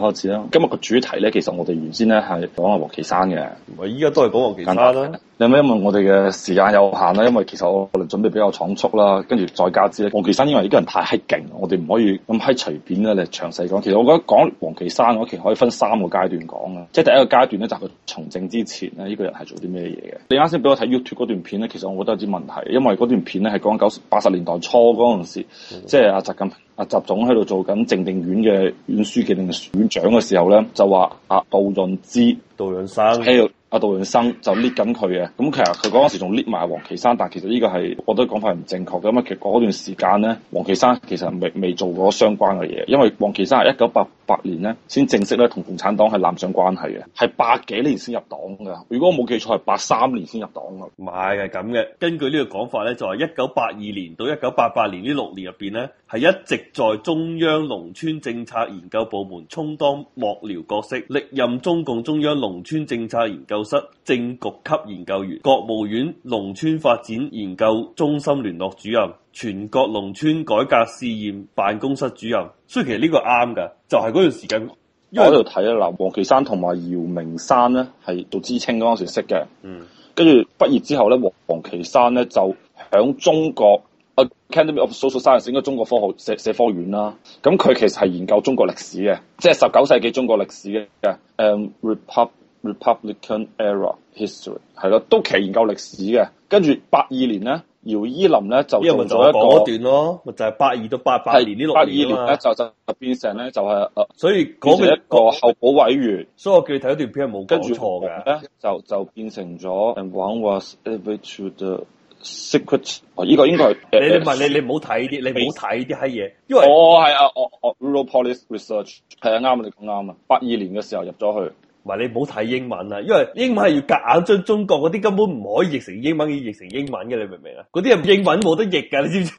開始啦！今日個主題咧，其實我哋原先咧係講阿王岐山嘅，唔係依家都係講王岐山啦。有咩因為我哋嘅時間有限啦？因為其實我可能準備比較倉促啦，跟住再加之咧，王岐山因為呢個人太勁，我哋唔可以咁閪隨便咧你詳細講。其實我覺得講王岐山，我其實可以分三個階段講嘅，即係第一個階段咧，就係佢從政之前咧，呢、這個人係做啲咩嘢嘅。你啱先俾我睇 YouTube 嗰段片咧，其實我覺得有啲問題，因為嗰段片咧係講九八十年代初嗰陣時，嗯、即係阿習近平。阿習總喺度做緊正定縣嘅縣書記定縣長嘅時候咧，就話阿杜潤之、杜潤生，喺度。阿杜潤生就捏緊佢嘅。咁其實佢嗰陣時仲捏埋王岐山，但係其實呢個係我覺得講法係唔正確嘅。咁啊，其實嗰段時間咧，王岐山其實未未做過相關嘅嘢，因為王岐山係一九八八年咧，先正式咧同共產黨係攬上關係嘅，係八幾年先入黨噶。如果我冇記錯，係八三年先入黨噶。唔係，係咁嘅。根據呢個講法咧，就係一九八二年到一九八八年呢六年入邊咧，係一直在中央農村政策研究部門充當幕僚角色，歷任中共中央農村政策研究室正局級研究員、國務院農村發展研究中心聯絡主任。全國農村改革試驗辦公室主任，所以其實呢個啱㗎，就係嗰段時間。因為我喺度睇咧嗱，王岐山同埋姚明山咧係做知青嗰陣時識嘅，嗯，跟住畢業之後咧，王王岐山咧就響中國 Academy of Social Science，算係中國科學社社科院啦。咁佢其實係研究中國歷史嘅，即係十九世紀中國歷史嘅誒、um, Republic。Republican era history 係咯，都期研究歷史嘅。跟住八二年咧，姚依林咧就因為做咗一段咯，咪就係八二到八八年呢六八二年咧就就變成咧就係誒，所以嗰個一個候補委員。所以我叫你睇一段片係冇跟住錯嘅，就就變成咗。And one was elevated to the secret。哦，呢個應該係你你唔係你你唔好睇啲，你唔好睇啲閪嘢，因為我係啊，我我 rural policy research 係啊，啱我哋講啱啊。八二年嘅時候入咗去。唔係、啊、你唔好睇英文啦，因為英文係要夾硬將中國嗰啲根本唔可以譯成英文，要譯成英文嘅，你明唔明啊？嗰啲人英文冇得譯噶，你知唔知？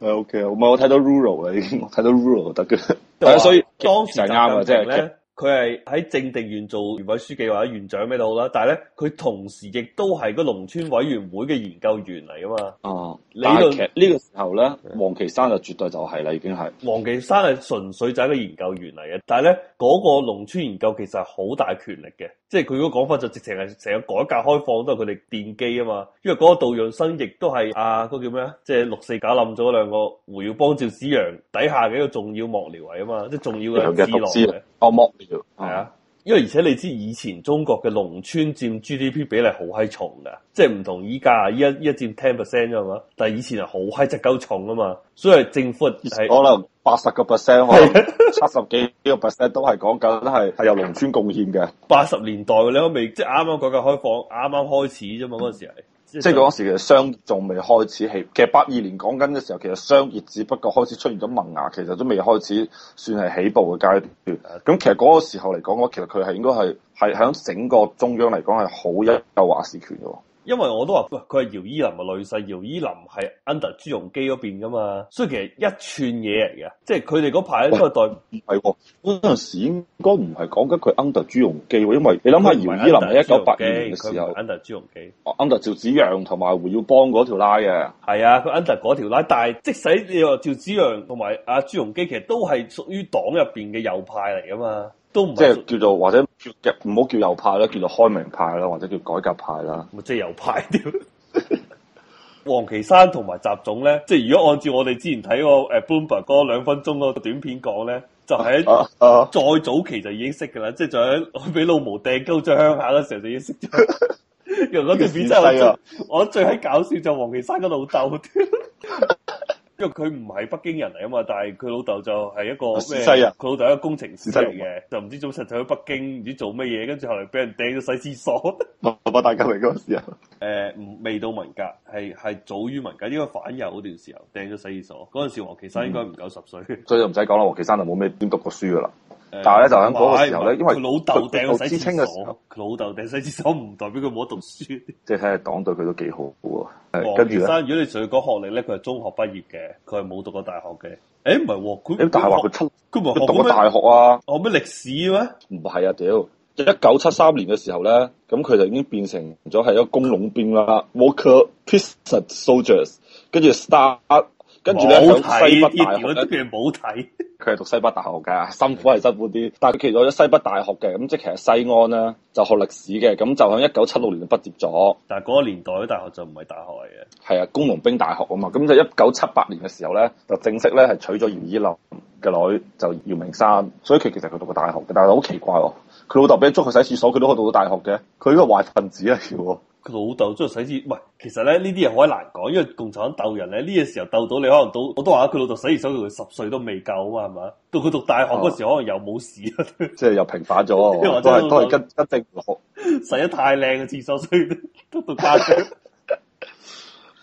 係 OK rural, 啊，我睇到 rural 啦，已經睇到 rural 就得噶，係，所以就啱啊，即係。即佢係喺正定縣做縣委書記或者縣長咩都好啦，但係咧佢同時亦都係個農村委員會嘅研究員嚟噶嘛。哦、嗯，但係呢、這個時候咧，王岐山就絕對就係啦，已經係王岐山係純粹就係一個研究員嚟嘅，但係咧嗰個農村研究其實係好大權力嘅，即係佢個講法就直情係成個改革開放都係佢哋奠基啊嘛。因為嗰個杜潤生亦都係阿個叫咩啊，即係六四搞冧咗兩個胡耀邦、趙紫陽底下嘅一個重要幕僚嚟啊嘛，即係重要嘅。嘅獨資啊，哦、啊、幕。啊啊啊係啊，嗯、因為而且你知以前中國嘅農村占 GDP 比例好閪重噶，即係唔同依家一一占 ten percent 啫嘛，但係以前係好閪只鳩重啊嘛，所以政府係可能八十個 percent，七十幾幾個 percent 都係講緊係係由農村貢獻嘅。八十年代你都未即係啱啱改革開放啱啱開始啫嘛，嗰陣時係。即係嗰時其實商仲未開始起，其實八二年講緊嘅時候，其實商業只不過開始出現咗萌芽，其實都未開始算係起步嘅階段。咁其實嗰個時候嚟講，我其實佢係應該係係喺整個中央嚟講係好有話事權嘅。因為我都話佢係姚依林啊，女婿姚依林係 under 朱鎔基嗰邊噶嘛，所以其實一串嘢嚟嘅，即係佢哋嗰排都係代係喎。嗰陣、哦、時應該唔係講緊佢 under 朱鎔基喎，因為你諗下姚,姚依林喺一九八幾年嘅時候 under 朱鎔基、啊、，under 趙紫陽同埋胡耀邦嗰條 line 嘅，係啊，佢 under 嗰條 line 但係即使你話趙紫陽同埋阿朱鎔基，其實都係屬於黨入邊嘅右派嚟噶嘛。都唔即係叫做或者叫唔好叫右派啦，叫做開明派啦，或者叫改革派啦。 咪即係右派啲？王岐山同埋習總咧，即係如果按照我哋之前睇個誒《Bloomberg》嗰兩、那個、分鐘嗰個短片講咧，就係、是、再早期就已經識噶啦，uh, uh, uh, 即係喺俾老毛掟鳩在鄉下嗰時候就已經識咗。用果條片真係 我最最喺搞笑就王岐山個老豆。 因為佢唔係北京人嚟啊嘛，但係佢老豆就係一個咩？佢老豆一個工程師嚟嘅，啊、就唔知早晨實際去北京唔知做乜嘢，跟住後嚟俾人掟咗洗廁所。八八年嗰個時候，誒、呃，未到文革，係係早於文革，因為反右嗰段時候掟咗洗廁所。嗰陣時王岐山應該唔夠十歲，嗯，所以就唔使講啦，王岐山就冇咩點讀過書噶啦。但係咧，就喺嗰個時候咧，因為佢老豆掟個洗廁所，佢老豆掟洗廁所唔代表佢冇得讀書。即係睇下黨對佢都幾好嘅喎。跟住三，呢如果你仲要講學歷咧，佢係中學畢業嘅，佢係冇讀過大學嘅。誒、欸，唔係喎，佢但係話佢七，佢冇讀咗大學啊。學咩歷史咩？唔係啊，屌！一九七三年嘅時候咧，咁佢就已經變成咗係一個工農兵啦，Worker, Peasant, Soldiers，跟住 start。跟住咧，喺西北大學都冇睇，佢係讀西北大學噶。 辛苦係辛苦啲， 但係佢其實有咗西北大學嘅，咁即係其實西安咧就學歷史嘅，咁就喺一九七六年就畢業咗。但係嗰個年代嘅大學就唔係大學嚟嘅。係啊，工農兵大學啊嘛，咁就一九七八年嘅時候咧就正式咧係娶咗姚依林嘅女就姚明山，所以佢其實佢讀過大學嘅，但係好奇怪喎，哦，佢老豆俾人捉去洗廁所，佢都可以讀到大學嘅，佢個壞分子啊，係佢老豆即係使於，喂，其實咧呢啲嘢好難講，因為共產黨鬥人咧呢個時候鬥到你可能到我都話佢老豆死而手佢十歲都未夠啊嘛，係咪？到佢讀大學嗰時候、啊、可能又冇事，即係又平反咗，因為我真係都係跟跟定學，洗得太靚嘅廁所，所以都讀大。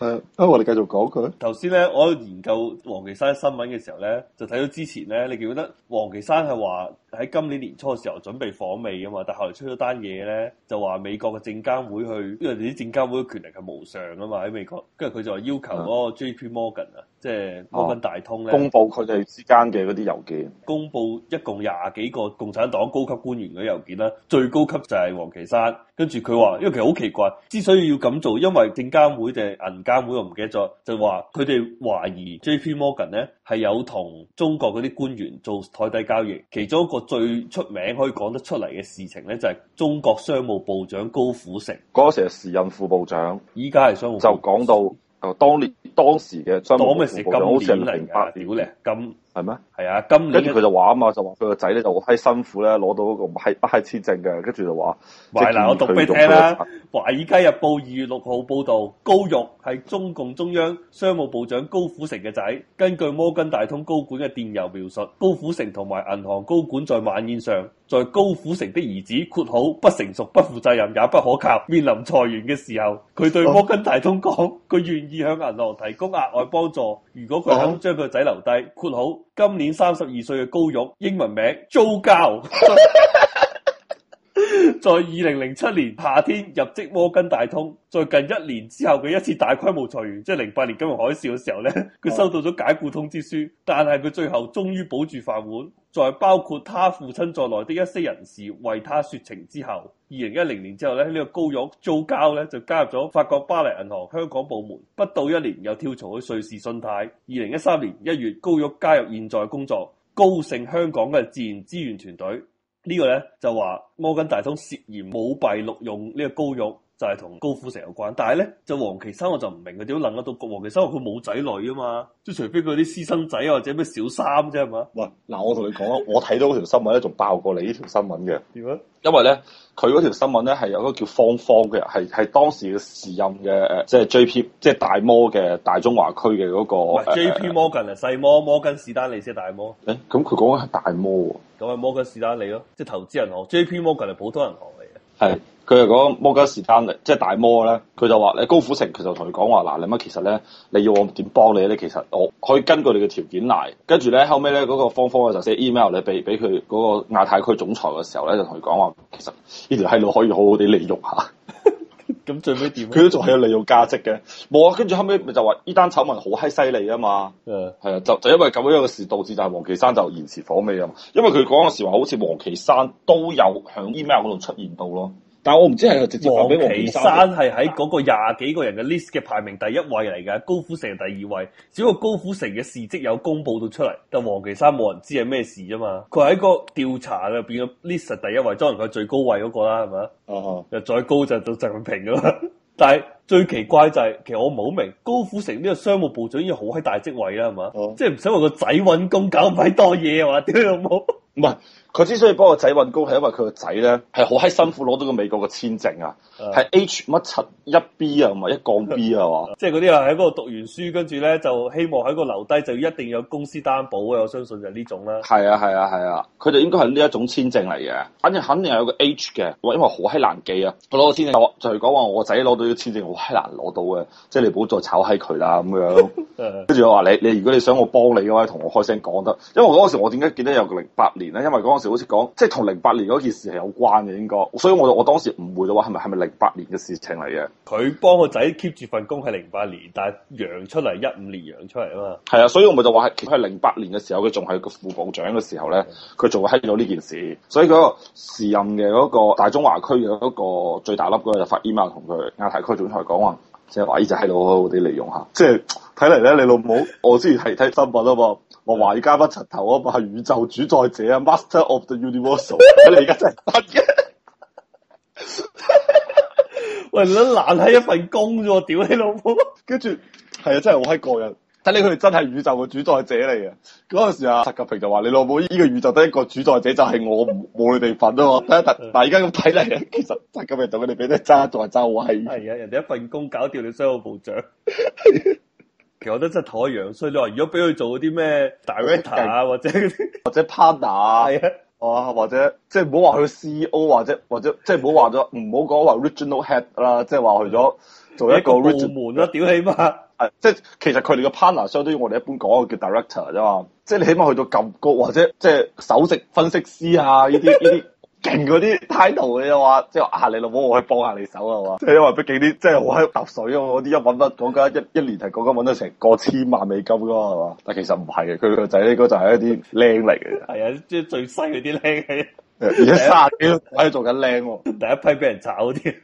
誒，不如，啊，我哋繼續講佢。頭先咧，我研究王岐山新聞嘅時候咧，就睇到之前咧，你記得王岐山係話喺今年年初嘅時候準備訪美噶嘛但係後來出咗單嘢咧，就話美國嘅證監會去，因為啲證監會嘅權力係無上噶嘛喺美國，跟住佢就話要求嗰個 JP Morgan 啊。啊即係摩根大通咧，公佈佢哋之間嘅嗰啲郵件，公佈一共廿幾個共產黨高級官員嘅郵件啦。最高級就係王岐山，跟住佢話，因為其實好奇怪，之所以要咁做，因為證監會定銀監會我唔記得咗，就話佢哋懷疑 J.P.Morgan 咧係有同中國嗰啲官員做台底交易。其中一個最出名可以講得出嚟嘅事情咧，就係、是、中國商務部長高虎城嗰時係時任副部長，依家係商務部長就講到。哦，當年當時嘅張美富咁好想嚟。零八年㗎，咁、嗯。係咩？係啊，今年佢就話啊嘛，就話佢個仔咧就好閪辛苦咧，攞到嗰個閪不閪簽證嘅，跟住就話。喂的，嗱，我讀俾你聽啦。華爾街日報二月六號報道，高玉係中共中央商務部長高虎城嘅仔。根據摩根大通高管嘅電郵描述，高虎城同埋銀行高管在晚宴上，在高虎城的兒子括號不成熟、不負責任、也不可靠，面臨裁員嘅時候，佢對摩根大通講，佢願意向銀行提供額外幫助，如果佢肯將佢個仔留低。括號今年三十二歲嘅高玉，英文名叫 Joe，Gao, 在二零零七年夏天入職摩根大通，最近一年之後嘅一次大規模裁員，即係零八年金融海嘯嘅時候呢，佢收到咗解僱通知書，但係佢最後終於保住飯碗。在包括他父親在內的一些人士為他說情之後，二零一零年之後咧，呢、呢個高玉做交咧就加入咗法國巴黎銀行香港部門，不到一年又跳槽去瑞士信貸。二零一三年一月，高玉加入現在工作高盛香港嘅自然資源團隊。呢個、呢個咧就話摩根大通涉嫌舞弊錄用呢個高玉。就係同高富成有關，但係咧就王岐山我就唔明佢點能得到。王岐山佢冇仔女啊嘛，即係除非佢啲私生仔或者咩小三啫係嘛？嗱，我同你講啊， 我睇到嗰條新聞咧，仲爆過你呢條新聞嘅。點啊樣？因為咧佢嗰條新聞咧係有一個叫方方嘅，係係當時嘅時任嘅誒，即、就、係、是、J P 即係大摩嘅大中華區嘅嗰、那個。是呃、J P Morgan 係細摩，摩根士丹利先係大摩。誒、欸，咁佢講緊係大摩喎。咁係摩根士丹利咯，即係投資銀行。J P Morgan 係普通銀行嚟嘅。係的。是佢係講摩根士丹利即係大摩咧，佢就話你高虎城，佢就同佢講話嗱，你乜其實咧，你要我點幫你咧？其實我可以根據你嘅條件嚟。跟住咧，後尾咧嗰個方方咧就寫 email 你俾俾佢嗰個亞太區總裁嘅時候咧，就同佢講話，其實呢條閪路可以好好地利用下。咁 最尾點？佢都仲係有利用價值嘅。冇啊， 跟住後尾咪就話呢單醜聞好閪犀利啊嘛。誒 Yeah.，係啊，就就因為咁樣嘅事導致就係王岐山就延遲火尾啊嘛。因為佢講嘅時話，好似王岐山都有喺 email 嗰度出現到咯。但我唔知係直接發俾王岐山，係喺嗰個廿幾個人嘅 list 嘅排名第一位嚟嘅，高虎城第二位。只不過高虎城嘅事蹟有公佈到出嚟，但王岐山冇人知係咩事啊嘛。佢喺個調查入邊嘅 list 第一位，當然佢最高位嗰、那個啦，係咪啊？又、uh huh. 再高就就習近平啦。 但係最奇怪就係，其實我冇明，高虎城呢個商務部長已經好喺大職位啦，係嘛？Uh huh. 即係唔使話個仔揾工搞咁鬼多嘢喎，屌老母唔係。 uh huh. 佢之所以幫個仔揾工，係因為佢個仔咧係好閪辛苦攞到個美國嘅簽證啊，係 H 乜七一 B 啊，同埋一降 B 啊 吧，即係嗰啲人喺嗰度讀完書，跟住咧就希望喺嗰度留低，就一定要有公司擔保啊！我相信就呢種啦。係啊，係啊，係啊，佢就應該係呢一種簽證嚟嘅。反正肯定係有個 H 嘅，因為好閪難記啊，攞、就係、個簽證就係講話我個仔攞到呢個簽證好閪難攞到嘅，即係你唔好再炒閪佢啦咁樣。跟住我話你，你，你如果你想我幫你嘅話，同我開聲講得，因為嗰個時我點解記得有個零八年咧？因為嗰個時好似講，即係同零八年嗰件事係有關嘅，應該，所以我我當時誤會嘅話係咪係咪零八年嘅事情嚟嘅？佢幫個仔 keep 住份工係零八年，但係揚出嚟，一五年揚出嚟啊嘛。係啊，所以我咪就話係，係零八年嘅時候，佢仲係個副部長嘅時候咧，佢仲會喺度呢件事，所以嗰個時任嘅嗰個大中華區嘅嗰個最大粒嗰個就發 email 同佢亞太區總裁講話。即係華仔喺度，好哋利用下，即係睇嚟咧，你老母，我之前睇睇新聞啊嘛，話華而家筆柒頭啊嘛，係宇宙主宰者啊 ，Master of the Universal，a 你而家真係得嘅， 喂，你難係一份工啫，屌你老母，跟住係啊，真係好閪過癮。睇嚟佢哋真係宇宙嘅主宰者嚟嘅，嗰、那、陣、個、時啊，習近平就話：你老母呢、這個宇宙得一個主宰者就係、是、我，冇你哋份啊嘛！第但係而家咁睇嚟，其實習近平同佢哋俾啲渣在就位。係啊、哎，人哋一份工搞掉你商務部長。 其實我覺得真係妥陽衰咗。你如果俾佢做啲咩大 director 的啊，或者或者 partner 啊，哦或者即係唔好話佢 C E O 或者或者即係唔好話咗唔好講話 Regional Head 啦，即係話去咗做，一個，做一，個一個部門啦，屌起碼。 即係其實佢哋嘅 partner 相當於我哋一般講嘅叫 director 啫嘛，即係你起碼去到咁高，或者即係首席分析師啊呢啲呢啲勁嗰啲 title 嘅話，即係啊你老母，我去幫下你手啊嘛？即係 因為畢竟啲即係好喺度揼水啊嘛，我啲一揾得講緊一一年係講緊揾得成個千萬美金㗎係嘛？但其實唔係嘅，佢個仔呢個就係一啲僆嚟嘅。係啊， 即係最細嗰啲僆嘅。而家卅幾喺度做緊僆喎，第一批俾人炒啲。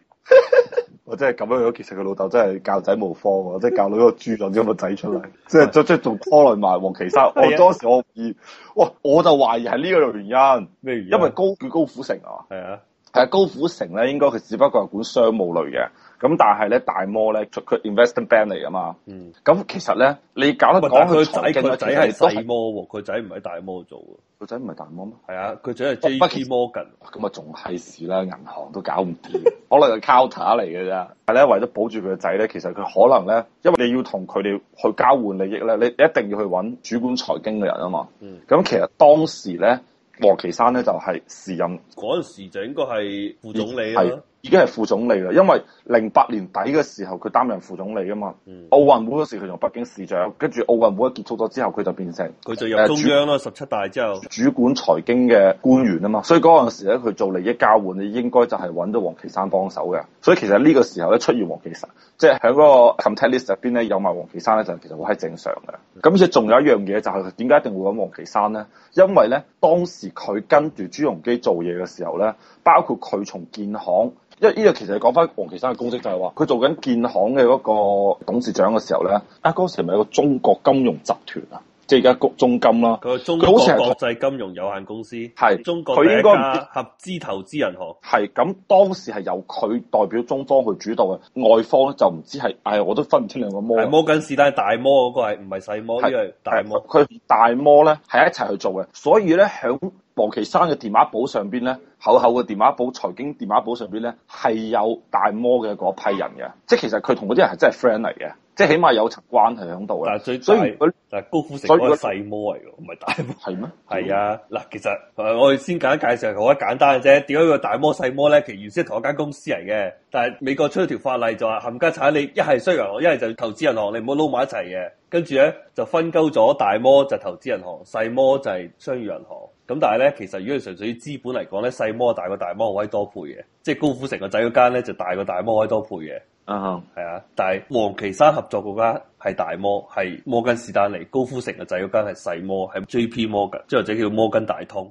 我真係咁樣樣， 其實佢老豆真係教仔無方， 即係教女個豬狀啲咁嘅仔出嚟，即係即係仲拖累埋王岐山。 我當時我疑，哇，我就懷疑係呢個原因。咩？原因，因為高 叫高虎城啊嘛。係啊，係啊，高虎城咧，應該佢只不過係管商務類嘅。咁但係咧，大摩咧，佢佢 investment bank 嚟啊嘛，咁其實咧，你搞得講佢仔，佢嘅仔係大摩喎？佢仔唔係大摩做，佢仔唔係大摩咩？係啊，佢仔係 J. Morgan。咁啊，仲係事啦，銀行都搞唔掂，可能係 counter 嚟嘅啫。係咧，為咗保住佢嘅仔咧，其實佢可能咧，因為你要同佢哋去交換利益咧，你一定要去揾主管財經嘅人啊嘛。咁其實當時咧，王岐山咧就係時任嗰陣時就應該係副總理咯。已經係副總理啦，因為零八年底嘅時候，佢擔任副總理啊嘛。嗯、奧運會嗰時佢做北京市長，跟住奧運會一結束咗之後，佢就變成佢就入中央咯。呃、十七大之後主，主管財經嘅官員啊嘛，所以嗰陣時咧，佢做利益交換，你應該就係揾到王岐山幫手嘅。所以其實呢個時候咧，出現王岐山，即係喺嗰個 contact list 入邊咧，有埋王岐山咧，就是、其實好係正常嘅。咁而且仲有一樣嘢就係點解一定會揾王岐山咧？因為咧當時佢跟住朱鎔基做嘢嘅時候咧，包括佢從建行。因為呢個其實係講翻王岐山嘅公職，就係話佢做緊建行嘅嗰個董事長嘅時候咧，啊嗰時咪有個中國金融集團啊。即係而家個中金啦，佢中國國際金融有限公司係，是中國嘅一家合資投資銀行係。咁當時係由佢代表中方去主導嘅，外方就唔知係，唉、哎，我都分唔清兩個摩是。係摩根士丹利大摩嗰個，係唔係細摩，是因為大摩佢大摩咧係一齊去做嘅，所以咧響王岐山嘅電話簿上邊咧，厚厚嘅電話簿、財經電話簿上邊咧係有大摩嘅嗰批人嘅，即係其實佢同嗰啲人係真係 friend 嚟嘅。即係起碼有層關係喺度啦。嗱，最大嗱高富城個細摩嚟嘅，唔係大摩，係咩？係啊，嗱，其實我哋先簡單介紹下好簡單嘅啫。點解個大摩細摩咧？其實原先同一間公司嚟嘅，但係美國出咗條法例就話冚家鏟你，一係商業銀行，一係就投資銀行，你唔好撈埋一齊嘅。跟住咧就分鳩咗大摩，就投資銀行，細摩就係商業銀行。咁但係咧，其實如果係純粹以資本嚟講咧，細摩就大過大摩可以多配嘅，即係高富城個仔嗰間咧就大過大摩可以多配嘅。啊，係啊、uh huh.，但係王岐山合作嗰間係大摩，係摩根士丹利高夫城，嘅仔嗰間係細摩，係 J.P. 摩嘅，即或者叫摩根大通。